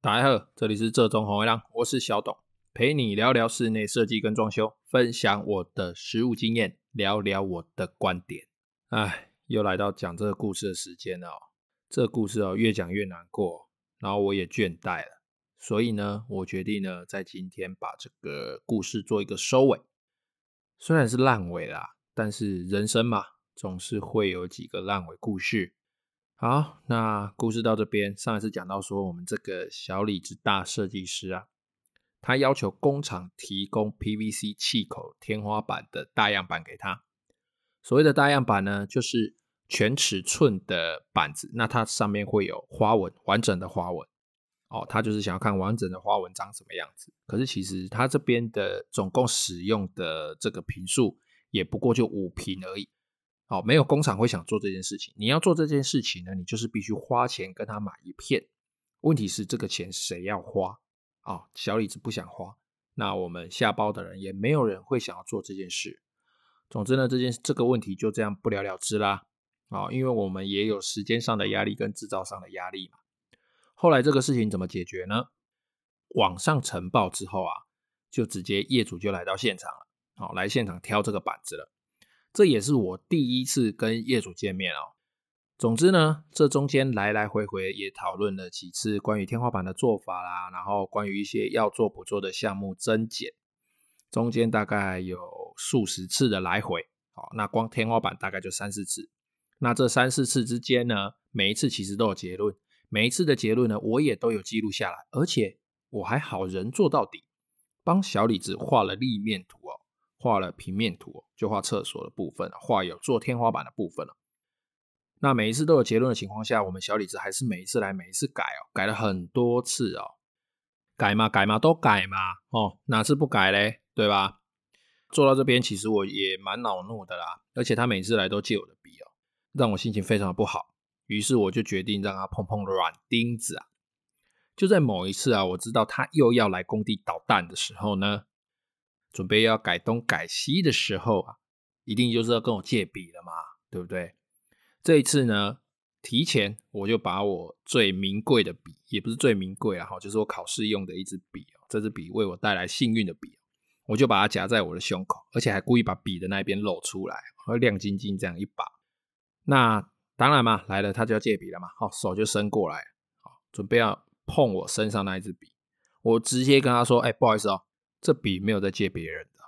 大家好，這裡是做裝潢的人，我是小董，陪你聊聊室內設計跟裝修，分享我的實務經驗，聊聊我的觀點。哎，又來到講這個故事的時間了哦，這個故事哦越講越難過，然後我也倦怠了，所以呢，我決定呢在今天把這個故事做一個收尾，雖然是爛尾啦，但是人生嘛，總是會有幾個爛尾故事。好，那故事到這邊。上一次講到說，我們這個小李子大設計師啊，他要求工廠提供 PVC 企口天花板的大樣板給他。所謂的大樣板呢，就是全尺寸的板子，那它上面會有花紋，完整的花紋。哦，他就是想要看完整的花紋長什麼樣子。可是其實他這邊的總共使用的這個坪數也不過就五坪而已。哦，沒有工廠會想做這件事情。你要做這件事情呢，你就是必須花錢跟他買一片。問題是這個錢誰要花啊、哦？小李子不想花，那我們下包的人也沒有人會想要做這件事。總之呢，這件這個問題就這樣不了了之啦。啊、哦，因為我們也有時間上的壓力跟制造上的壓力嘛。後來這個事情怎麼解決呢？往上呈報之後啊，就直接業主就來到現場了，好、哦、來現場挑這個板子了。這也是我第一次跟業主見面哦。總之呢，這中間來來回回也討論了幾次關於天花板的做法啦，然後關於一些要做不做的項目增減，中間大概有數十次的來回。哦，那光天花板大概就三四次。那這三四次之間呢，每一次其實都有結論，每一次的結論呢，我也都有記錄下來，而且我還好人做到底，幫小李子畫了立面圖哦。畫了平面圖，就畫廁所的部分，畫有做天花板的部分了。那每一次都有結論的情況下，我們小李子還是每一次來每一次改哦，改了很多次哦，改嘛改嘛都改嘛哦，哪次不改嘞？對吧？做到這邊其實我也蠻惱怒的啦，而且他每次來都借我的筆哦，讓我心情非常的不好。於是我就決定讓他碰碰軟釘子啊。就在某一次啊，我知道他又要來工地搗蛋的時候呢。準備要改東改西的時候啊，一定就是要跟我借筆了嘛，對不對？這一次呢，提前我就把我最名貴的筆，也不是最名貴啊，就是我考試用的一支筆哦，這支筆為我帶來幸運的筆，我就把它夾在我的胸口，而且還故意把筆的那邊露出來，會亮晶晶這樣一把。那當然嘛，來了他就要借筆了嘛，好，手就伸過來，準備要碰我身上那一支筆，我直接跟他說，哎、欸，不好意思哦。這筆沒有再借別人的，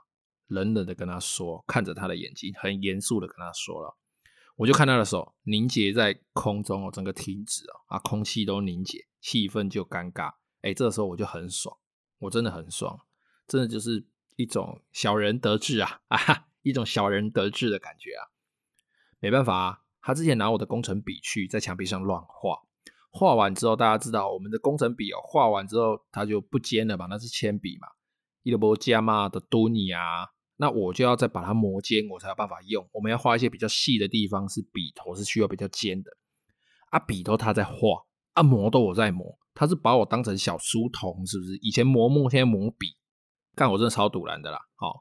冷冷的跟他說，看着他的眼睛，很嚴肅的跟他說了。我就看他的手凝結在空中哦，整個停止哦，啊，空氣都凝結，氣氛就尷尬。哎、欸，這個時候我就很爽，我真的很爽，真的就是一種小人得志啊，哈哈，一種小人得志的感覺啊。沒辦法啊，他之前拿我的工程筆去在牆壁上亂畫，畫完之後大家知道我們的工程筆哦，畫完之後它就不尖了嘛，那是鉛筆嘛。一蘿蔔加嘛的多尼啊！那我就要再把它磨尖，我才有辦法用。我們要畫一些比較細的地方是，是筆頭是需要比較尖的。阿筆頭他在畫，阿、啊、磨都我在磨，他是把我當成小書童，是不是？以前磨墨，現在磨筆，看我這超賭爛的啦。好、哦，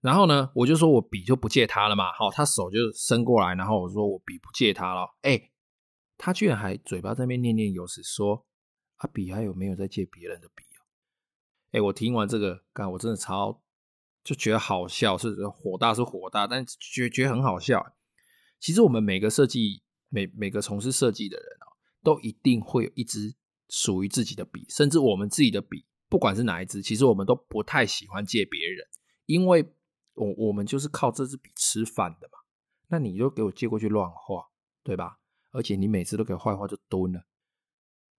然後呢，我就說我筆就不借他了嘛。好、哦，他手就伸過來，然後我說我筆不借他了。誒、欸。他居然還嘴巴在那邊念念有詞說：“阿、啊、筆還有沒有在借別人的筆？”哎、欸，我聽完這個，幹，我真的超就覺得好笑，是火大是火大，但覺覺得很好笑。其實我們每個設計，每每個從事設計的人、喔、都一定會有一支屬於自己的筆，甚至我們自己的筆，不管是哪一支，其實我們都不太喜歡借別人，因為我我們就是靠這支筆吃飯的嘛。那你就給我借過去亂畫，對吧？而且你每次都給我壞話就蹲了，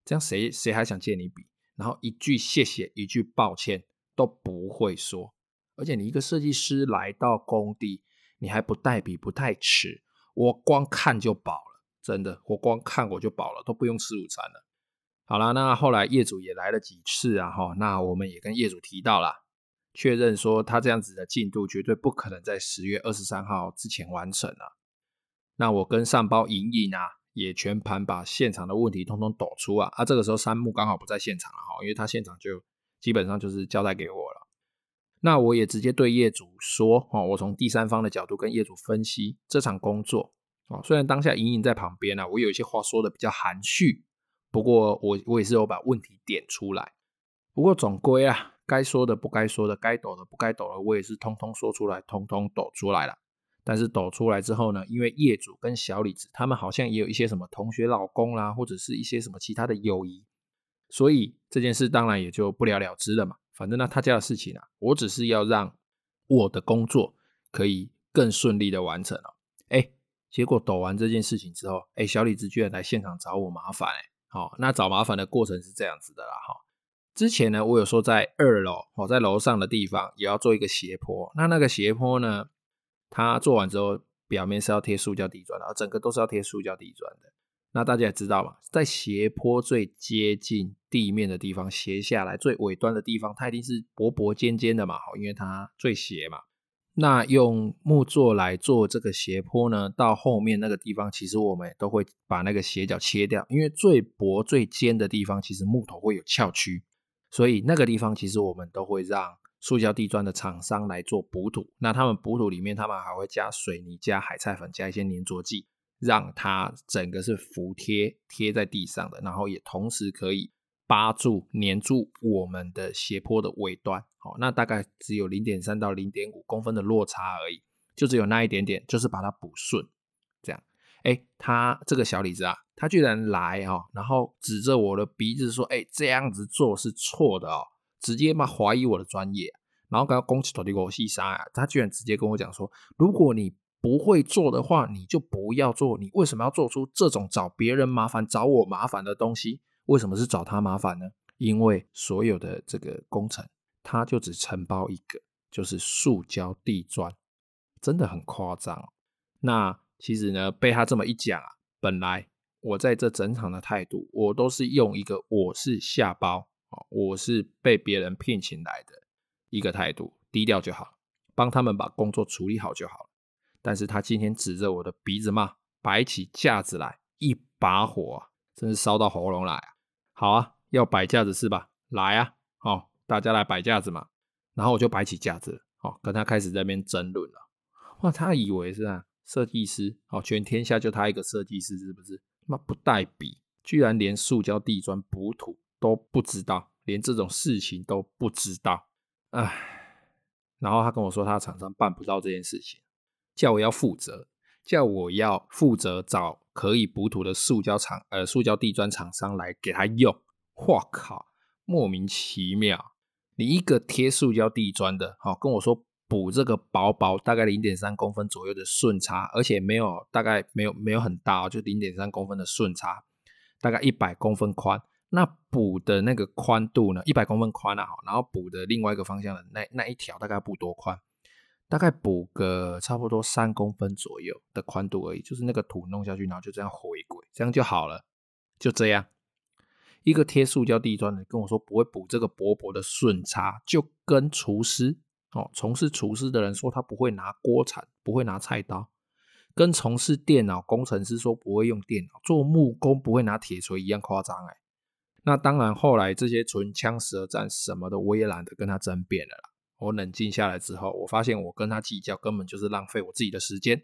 這樣誰誰還想借你筆？然後一句謝謝，一句抱歉都不會說。而且你一個設計師來到工地，你還不帶筆，不帶尺，我光看就飽了，真的，我光看我就飽了，都不用吃午餐了。好啦，那後來業主也來了幾次啊，哈，那我們也跟業主提到了，確認說他這樣子的進度絕對不可能在十月二十三號之前完成啊。那我跟上包瑩瑩啊。也全盤把現場的問題通通抖出啊！啊，這個時候山木剛好不在現場了哈，因為他現場就基本上就是交代給我了。那我也直接對業主說啊，我從第三方的角度跟業主分析這場工作啊。雖然當下瑩瑩在旁邊啊，我有一些話說的比較含蓄，不過我我也是有把問題點出來。不過總歸啊，該說的不該說的，該抖的不該抖的，我也是通通說出來，通通抖出來了。但是抖出來之後呢，因為業主跟小李子他們好像也有一些什麼同學老公啦，或者是一些什麼其他的友誼，所以這件事當然也就不了了之了嘛。反正呢，他家的事情啊，我只是要讓我的工作可以更順利的完成了、哦。哎，結果抖完這件事情之後，哎，小李子居然來現場找我麻煩。哎，好，那找麻煩的過程是這樣子的啦，哈、哦。之前呢，我有說在二樓，我、哦，在樓上的地方也要做一個斜坡，那那個斜坡呢，它做完之後，表面是要貼塑膠地磚，然後整個都是要貼塑膠地磚的。那大家也知道嘛，在斜坡最接近地面的地方，斜下來最尾端的地方，它一定是薄薄尖尖的嘛，因為它最斜嘛。那用木作來做這個斜坡呢，到後面那個地方，其實我們都會把那個斜角切掉，因為最薄最尖的地方，其實木頭會有翹曲，所以那個地方其實我們都會讓。塑膠地磚的廠商來做補土，那他們補土裡面，他們還會加水泥、加海菜粉、加一些粘着劑，讓它整個是服貼貼在地上的，然後也同時可以扒住、粘住我們的斜坡的尾端。好，那大概只有零點三到零點五公分的落差而已，就只有那一點點，就是把它補順這樣。欸，他這個小李子啊，他居然來哦，然後指着我的鼻子說：“欸，這樣子做是錯的哦。”直接嘛懷疑我的專業，然後剛剛公喜土地我西沙啊，他居然直接跟我講說，如果你不會做的話，你就不要做，你為什麼要做出這種找別人麻煩、找我麻煩的東西？為什麼是找他麻煩呢？因為所有的這個工程，他就只承包一個，就是塑膠地磚，真的很誇張哦。那其實呢，被他這麼一講啊，本來我在這整場的態度，我都是用一個我是下包。我是被別人聘請來的，一個態度低調就好，幫他們把工作處理好就好了。但是他今天指着我的鼻子罵，擺起架子來，一把火，啊，真是燒到喉嚨來啊！好啊，要擺架子是吧？來啊，好、哦，大家來擺架子嘛。然後我就擺起架子了，好、哦，跟他開始在那邊爭論了。哇，他以為是啊，設計師，好、哦，全天下就他一個設計師是不是？那不帶筆，居然連塑膠地磚補土。都不知道，連這種事情都不知道，唉。然後他跟我說，他廠商辦不到這件事情，叫我要負責，叫我要負責找可以補土的塑膠廠，呃，塑膠地磚廠商來給他用。哇靠，莫名其妙！你一個貼塑膠地磚的，好、哦、跟我說補這個薄薄大概零點三公分左右的順差，而且沒有大概沒有沒有很大哦，就零點三公分的順差，大概一百公分寬。那補的那個寬度呢？一百公分寬啊，然後補的另外一個方向的那那一條大概補多寬，大概補個差不多三公分左右的寬度而已，就是那個土弄下去，然後就這樣回歸，這樣就好了，就這樣。一個貼塑膠地磚的跟我說不會補這個薄薄的順差，就跟廚師哦，從事廚師的人說他不會拿鍋鏟，不會拿菜刀，跟從事電腦工程師說不會用電腦，做木工不會拿鐵錘一樣誇張哎。那當然，後來這些唇槍舌戰什麼的，我也懶得跟他爭辯了啦。我冷靜下來之後，我發現我跟他計較根本就是浪費我自己的時間。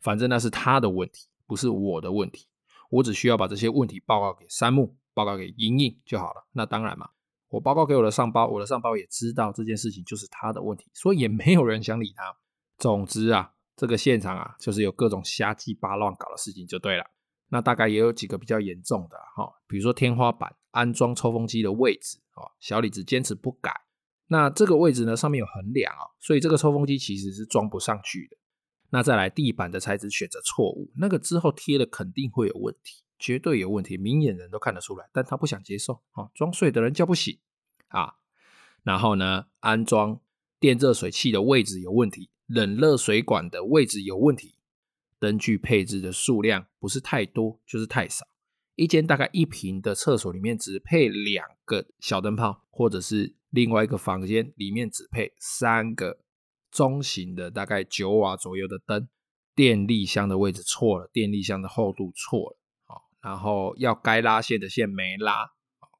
反正那是他的問題，不是我的問題。我只需要把這些問題報告給三木，報告給瑩瑩就好了。那當然嘛，我報告給我的上包，我的上包也知道這件事情就是他的問題，所以也沒有人想理他。總之啊，這個現場啊，就是有各種瞎雞巴亂搞的事情就對了。那大概也有幾個比較嚴重的哈，比如說天花板安裝抽風機的位置啊，小李子堅持不改。那這個位置呢，上面有橫樑啊，所以這個抽風機其實是裝不上去的。那再來，地板的材質選擇錯誤，那個之後貼的肯定會有問題，絕對有問題，明眼人都看得出來，但他不想接受啊，裝睡的人叫不醒啊。然後呢，安裝電熱水器的位置有問題，冷熱水管的位置有問題。燈具配置的數量不是太多就是太少，一間大概一平的廁所裡面只配兩個小燈泡，或者是另外一個房間裡面只配三個中型的大概九瓦左右的燈。電力箱的位置錯了，電力箱的厚度錯了，好，然後要該拉線的線沒拉，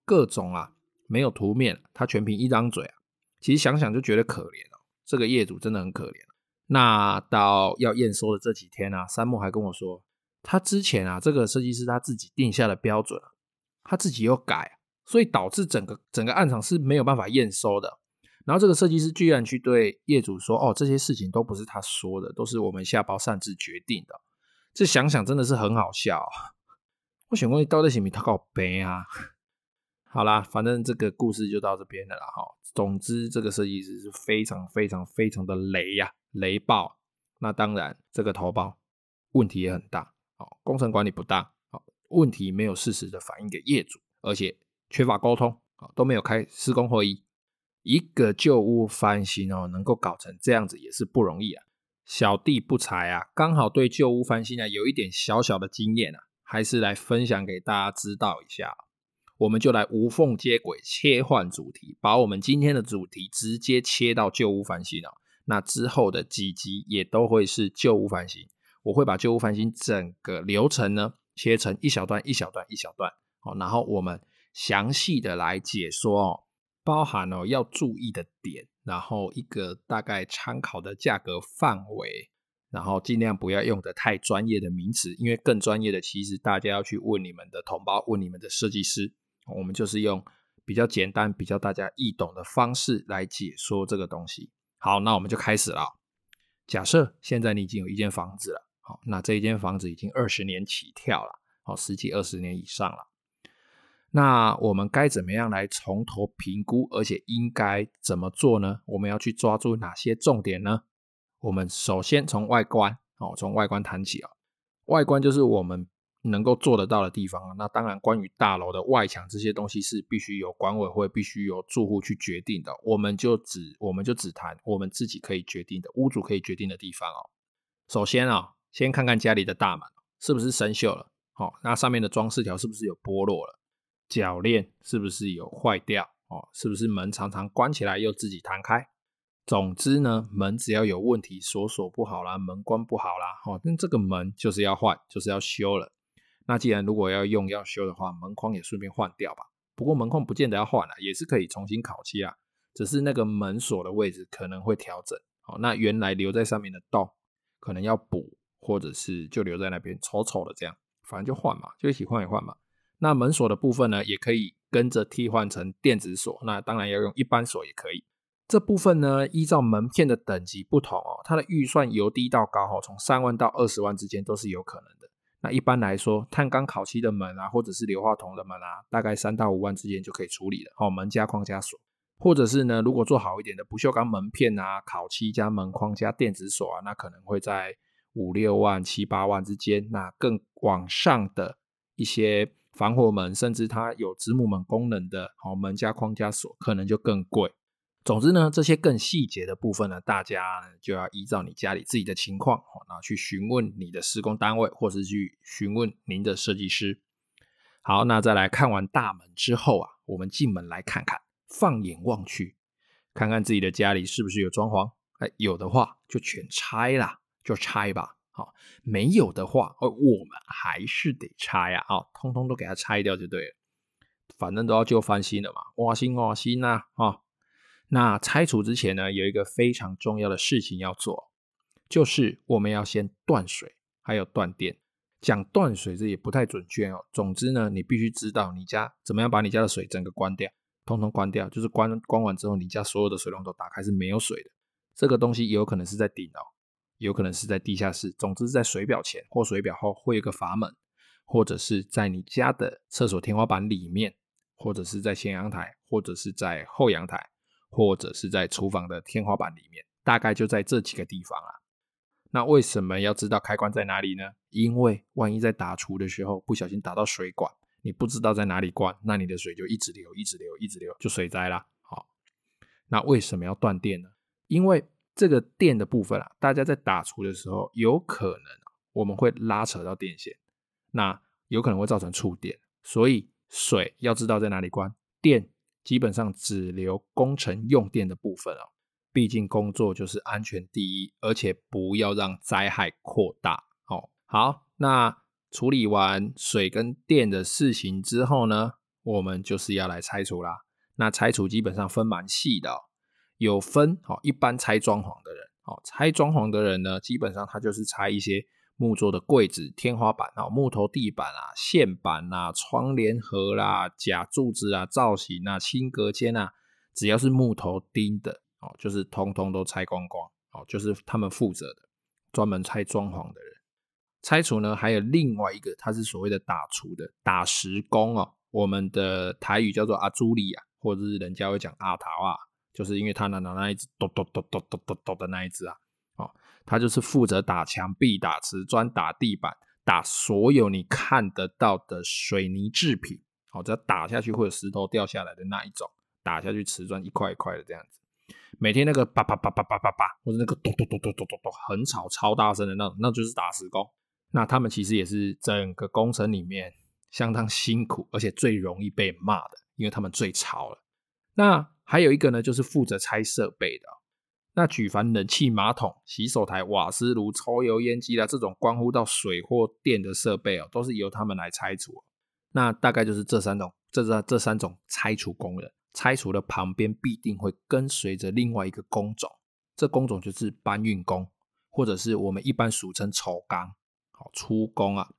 各種啊，沒有圖面，他全憑一張嘴啊。其實想想就覺得可憐哦，這個業主真的很可憐。那到要驗收的這幾天呢、啊，三木還跟我說，他之前啊，這個設計師他自己定下的標準，他自己又改，所以導致整個整個案場是沒有辦法驗收的。然後這個設計師居然去對業主說，哦，這些事情都不是他說的，都是我們下包擅自決定的。這想想真的是很好笑、哦。我想問你，到底誰米他搞背啊？好啦，反正這個故事就到這邊的啦哈。總之，這個設計師是非常非常非常的雷呀、啊，雷爆、啊。那當然，這個統包問題也很大，好，工程管理不當，好，問題沒有適時的反映給業主，而且缺乏溝通，好，都沒有開施工會議。一個舊屋翻新哦，能夠搞成這樣子也是不容易啊。小弟不才啊，剛好對舊屋翻新啊，有一點小小的經驗啊，還是來分享給大家知道一下。我們就來無縫接軌，切換主題，把我們今天的主題直接切到舊屋翻新了。那之後的幾集也都會是舊屋翻新。我會把舊屋翻新整個流程呢，切成一小段一小段一小段，好，然後我們詳細的來解說哦，包含了、哦、要注意的點，然後一個大概參考的價格範圍，然後盡量不要用得太專業的名詞，因為更專業的其實大家要去問你們的統包，問你們的設計師。我們就是用比較簡單、比較大家易懂的方式來解說這個東西。好，那我們就開始了。假設現在你已經有一間房子了，好，那這一間房子已經二十年起跳了，好，十幾二十年以上了。那我們該怎麼樣來從頭評估，而且應該怎麼做呢？我們要去抓住哪些重點呢？我們首先從外觀，好，從外觀談起哦，外觀就是我們。能夠做得到的地方啊，那當然關於大樓的外牆這些東西是必須由管委會、必須由住戶去決定的。我們就只，我們就只談我們自己可以決定的，屋主可以決定的地方哦。首先啊、哦，先看看家裡的大門是不是生鏽了，好、哦，那上面的裝飾條是不是有剝落了？鉸鏈是不是有壞掉？哦，是不是門常常關起來又自己彈開？總之呢，門只要有問題，鎖鎖不好啦，門關不好啦，哈、哦，那這個門就是要換，就是要修了。那既然如果要用要修的話，門框也順便換掉吧。不過門框不見得要換了、啊，也是可以重新烤漆啊。只是那個門鎖的位置可能會調整。好、哦，那原來留在上面的洞可能要補，或者是就留在那邊醜醜的這樣，反正就換嘛，就一起換一換嘛。那門鎖的部分呢，也可以跟着替換成電子鎖。那當然要用一般鎖也可以。這部分呢，依照門片的等級不同哦，它的預算由低到高、哦，從三萬到二十萬之間都是有可能的。那一般來說，碳鋼烤漆的門啊，或者是硫化銅的門啊，大概三到五萬之間就可以處理了。好、哦，門加框加鎖，或者是呢，如果做好一點的不銹鋼門片啊，烤漆加門框加電子鎖啊，那可能會在五六萬七八萬之間。那更往上的一些防火門，甚至它有子母門功能的，好、哦，門加框加鎖可能就更貴。總之呢，這些更細節的部分呢，大家就要依照你家裡自己的情況，然後去詢問你的施工單位，或是去詢問您的設計師。好，那再來看完大門之後啊，我們進門來看看，放眼望去，看看自己的家裡是不是有裝潢、欸？有的話就全拆啦，就拆吧。好、哦，沒有的話，我們還是得拆呀、啊，啊、哦，通通都給它拆掉就對了，反正都要舊翻新了嘛，哇新，哇新哇，新吶，啊。哦那拆除之前呢，有一個非常重要的事情要做，就是我們要先斷水，還有斷電。講斷水這也不太準確哦。總之呢，你必須知道你家怎麼樣把你家的水整個關掉，通通關掉。就是關關完之後，你家所有的水龍頭打開是沒有水的。這個東西也有可能是在頂樓，有可能是在地下室。總之是在水表前或水表後會有個閥門，或者是在你家的廁所天花板裡面，或者是在前陽台，或者是在後陽台。或者是在廚房的天花板裡面，大概就在這幾個地方啊。那為什麼要知道開關在哪裡呢？因為萬一在打除的時候不小心打到水管，你不知道在哪裡關，那你的水就一直流，一直流，一直流，就水災了。好，那為什麼要斷電呢？因為這個電的部分啊，大家在打除的時候，有可能我們會拉扯到電線，那有可能會造成觸電，所以水要知道在哪裡關，電。基本上只留工程用電的部分哦，畢竟工作就是安全第一，而且不要讓災害擴大哦。好，那處理完水跟電的事情之後呢，我們就是要來拆除啦。那拆除基本上分蠻細的哦，有分好，一般拆裝潢的人，好，拆裝潢的人呢，基本上他就是拆一些。木作的櫃子、天花板啊，木頭地板啊、線板啊，窗簾盒啦、假柱子啊、造型啊、新隔間啊，只要是木頭釘的哦，就是通通都拆光光哦，就是他們負責的，專門拆裝潢的人。拆除呢，還有另外一個，他是所謂的打廚的打石工哦，我們的台語叫做阿朱莉啊，或者是人家會講阿塔瓦，就是因為他拿拿那一隻咚咚咚咚咚咚的那一隻啊。他就是負責打牆壁、打瓷磚、打地板、打所有你看得到的水泥製品，好，只要打下去會有石頭掉下來的那一種，打下去瓷磚一塊一塊的這樣子，每天那個叭叭叭叭叭叭叭，或者那個咚咚咚咚咚咚咚，很吵超大聲的那種，那就是打石工。那他們其實也是整個工程裡面相當辛苦，而且最容易被罵的，因為他們最吵了。那還有一個呢，就是負責拆設備的。那舉凡冷氣、馬桶、洗手台、瓦斯爐、抽油煙機啦，這種關乎到水或電的設備哦、啊，都是由他們來拆除。那大概就是這三種，這這三種拆除工人，拆除的旁邊必定會跟隨着另外一個工種，這工種就是搬運工，或者是我們一般俗稱抽鋼、好粗工啊。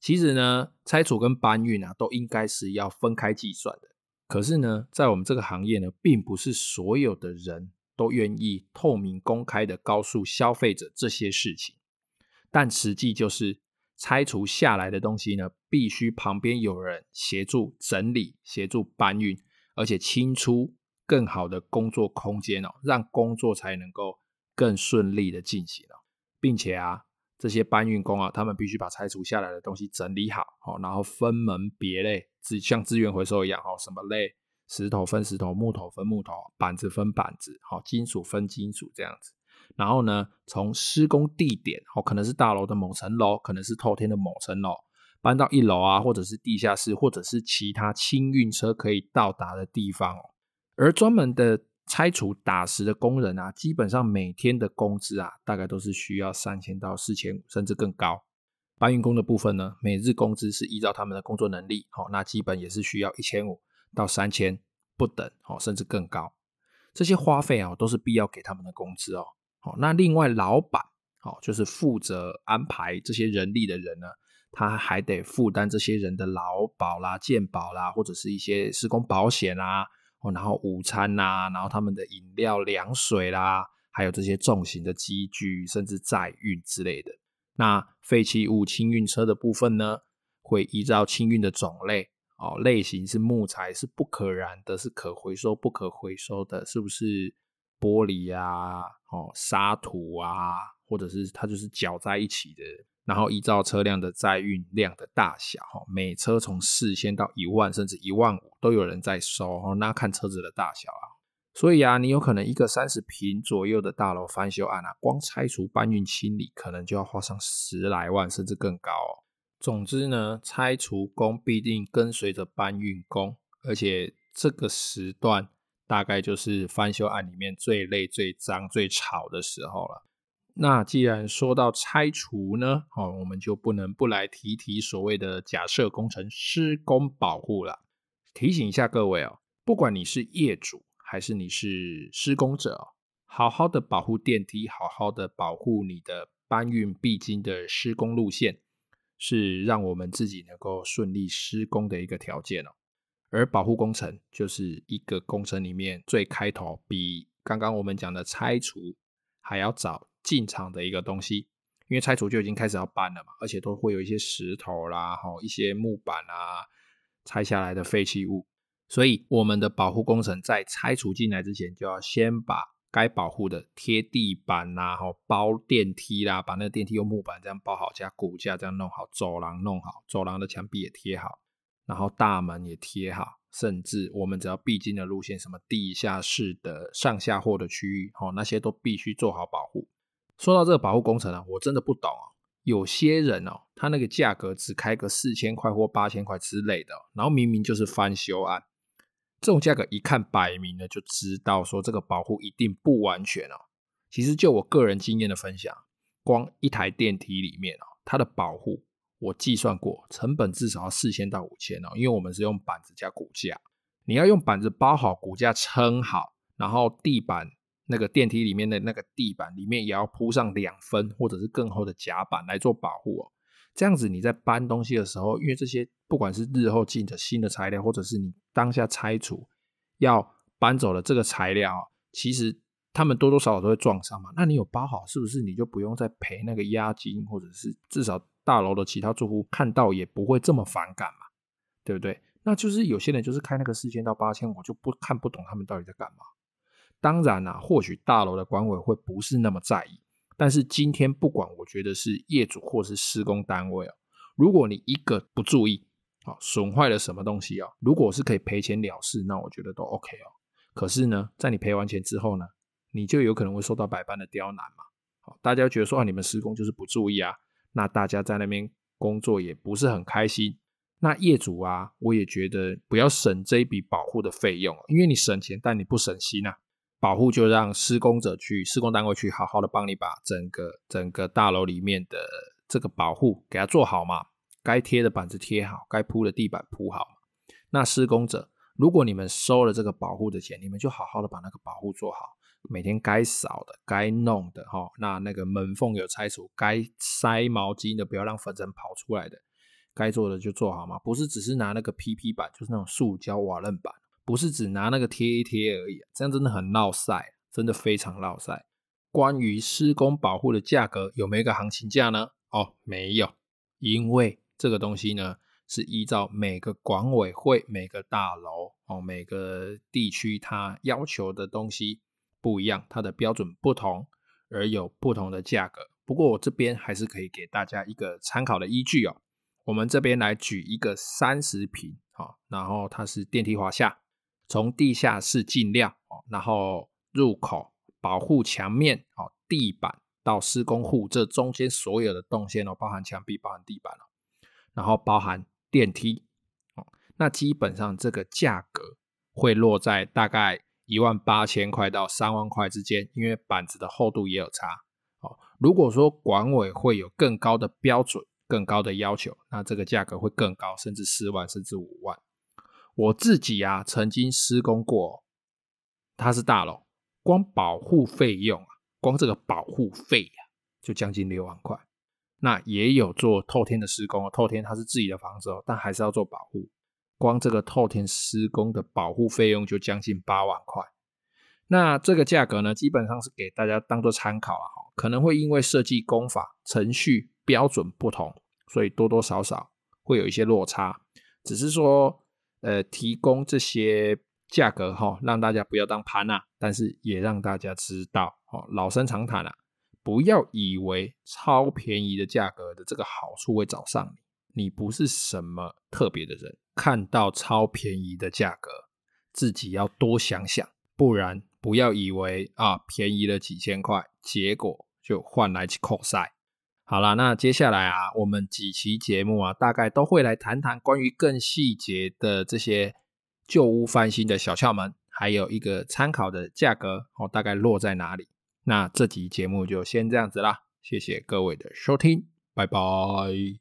其實呢，拆除跟搬運啊，都應該是要分開計算的。可是呢，在我們這個行業呢，並不是所有的人。都願意透明公開的告訴消費者這些事情，但實際就是拆除下來的東西呢，必須旁邊有人協助整理、協助搬運，而且清出更好的工作空間哦，讓工作才能夠更順利的進行哦，並且啊，這些搬運工啊，他們必須把拆除下來的東西整理好、哦、然後分門別類，像資源回收一樣哦，什麼類？石頭分石頭，木頭分木頭，板子分板子，好，金屬分金屬這樣子。然後呢，從施工地點，哦，可能是大樓的某層樓，可能是透天的某層樓，搬到一樓啊，或者是地下室，或者是其他清運車可以到達的地方。而專門的拆除打石的工人啊，基本上每天的工資啊，大概都是需要三千到四千五，甚至更高。搬運工的部分呢，每日工資是依照他們的工作能力，哦，那基本也是需要一千五。到三千不等哦，甚至更高。這些花費啊，都是必要給他們的工資哦。好，那另外老板哦，就是負責安排這些人力的人呢，他還得負擔這些人的勞保啦、健保啦，或者是一些施工保險啦，哦，然後午餐啦，然後他們的飲料、涼水啦，還有這些重型的機具，甚至載運之類的。那廢棄物清運車的部分呢，會依照清運的種類。哦，類型是木材，是不可燃的，是可回收不可回收的，是不是玻璃啊，哦，沙土啊，或者是它就是攪在一起的。然後依照車輛的載運量的大小，哦，每車從四千到一萬，甚至一萬五都有人在收，哦，那看車子的大小啊。所以啊，你有可能一個三十坪左右的大樓翻修案啊，光拆除搬運清理可能就要花上十來萬，甚至更高哦。總之呢，拆除工必定跟隨着搬運工，而且這個時段大概就是翻修案裡面最累、最髒、最吵的時候了。那既然說到拆除呢，哦，我們就不能不來提提所謂的假設工程施工保護了。提醒一下各位哦，不管你是業主還是你是施工者哦，好好的保護電梯，好好的保護你的搬運必經的施工路線。是讓我們自己能夠順利施工的一個條件哦，而保護工程就是一個工程裡面最開頭，比剛剛我們講的拆除還要早進場的一個東西，因為拆除就已經開始要搬了嘛，而且都會有一些石頭啦，吼一些木板啊，拆下來的廢棄物，所以我們的保護工程在拆除進來之前就要先把。該保護的貼地板然後、啊、吼包電梯啦、啊，把那個電梯用木板這樣包好，加骨架這樣弄好，走廊弄好，走廊的牆壁也貼好，然後大門也貼好，甚至我們只要必經的路線，什麼地下室的上下貨的區域，哦、那些都必須做好保護。說到這個保護工程啊，我真的不懂、哦、有些人哦，他那個價格只開個四千塊或八千塊之類的、哦，然後明明就是翻修案。這種價格一看擺明了就知道，說這個保護一定不完全哦。其實就我個人經驗的分享，光一台電梯裡面哦，它的保護我計算過，成本至少要四千到五千哦。因為我們是用板子加骨架，你要用板子包好骨架，撐好，然後地板那個電梯裡面的那個地板裡面也要鋪上兩分或者是更厚的夾板來做保護哦。這樣子你在搬東西的時候，因為這些。不管是日後進的新的材料，或者是你當下拆除要搬走的這個材料，其實他們多多少少都會撞上嘛。那你有包好，是不是你就不用再賠那個押金，或者是至少大樓的其他住戶看到也不會這麼反感嘛？對不對？那就是有些人就是開那個四千到八千，我就不看不懂他們到底在幹嘛。當然啦、啊，或許大樓的管委會不是那麼在意，但是今天不管，我覺得是業主或是施工單位，如果你一個不注意，損壞了什麼東西啊、哦？如果是可以賠錢了事，那我覺得都 OK 哦。可是呢，在你賠完錢之後呢，你就有可能會受到百般的刁難嘛。好，大家覺得說啊，你們施工就是不注意啊，那大家在那邊工作也不是很開心。那業主啊，我也覺得不要省這一筆保護的費用，因為你省錢但你不省心啊。保護就讓施工者去施工單位去好好的幫你把整個整個大樓裡面的這個保護給它做好嘛。該貼的板子貼好，該鋪的地板鋪好嘛。那施工者，如果你們收了這個保護的錢，你們就好好的把那個保護做好，每天該掃的、該弄的，哈、哦，那那個門縫有拆除，該塞毛巾的，不要讓粉塵跑出來的，該做的就做好嘛。不是只是拿那個 PP 板，就是那種塑膠瓦楞板，不是只拿那個貼一貼而已，啊，這樣真的很鬧晒，真的非常鬧晒。關於施工保護的價格，有沒有一個行情價呢？哦，沒有，因為。這個東西呢，是依照每個管委會、每個大樓哦、每個地區它要求的東西不一樣，它的標準不同，而有不同的價格。不過我這邊還是可以給大家一個參考的依據哦。我們這邊來舉一個三十平啊、哦，然後它是電梯滑下，從地下室進料哦，然後入口保護牆面哦、地板到施工戶這中間所有的動線哦，包含牆壁、包含地板哦。然後包含電梯，那基本上這個價格會落在大概一萬八千塊到三萬塊之間，因為板子的厚度也有差。哦，如果說管委會有更高的標準、更高的要求，那這個價格會更高，甚至四萬，甚至五萬。我自己啊，曾經施工過，它是大樓，光保護費用啊，光這個保護費呀、啊，就將近六萬塊。那也有做透天的施工哦，透天它是自己的房子哦，但還是要做保護。光這個透天施工的保護費用就將近八萬塊。那這個價格呢，基本上是給大家當做參考了、啊、哈，可能會因為設計工法、程序、標準不同，所以多多少少會有一些落差。只是說，呃，提供這些價格哈，讓大家不要當盤、啊，但是也讓大家知道哦，老生常談了、啊。不要以為超便宜的價格的這個好處會找上你，你不是什麼特別的人，看到超便宜的價格，自己要多想想，不然不要以為啊便宜了幾千塊，結果就換來去扣塞。好啦，那接下來啊，我們幾期節目啊，大概都會來談談關於更細節的這些舊屋翻新的小竅門，還有一個參考的價格哦，大概落在哪裡？那這集節目就先這樣子啦，謝謝各位的收聽，拜拜。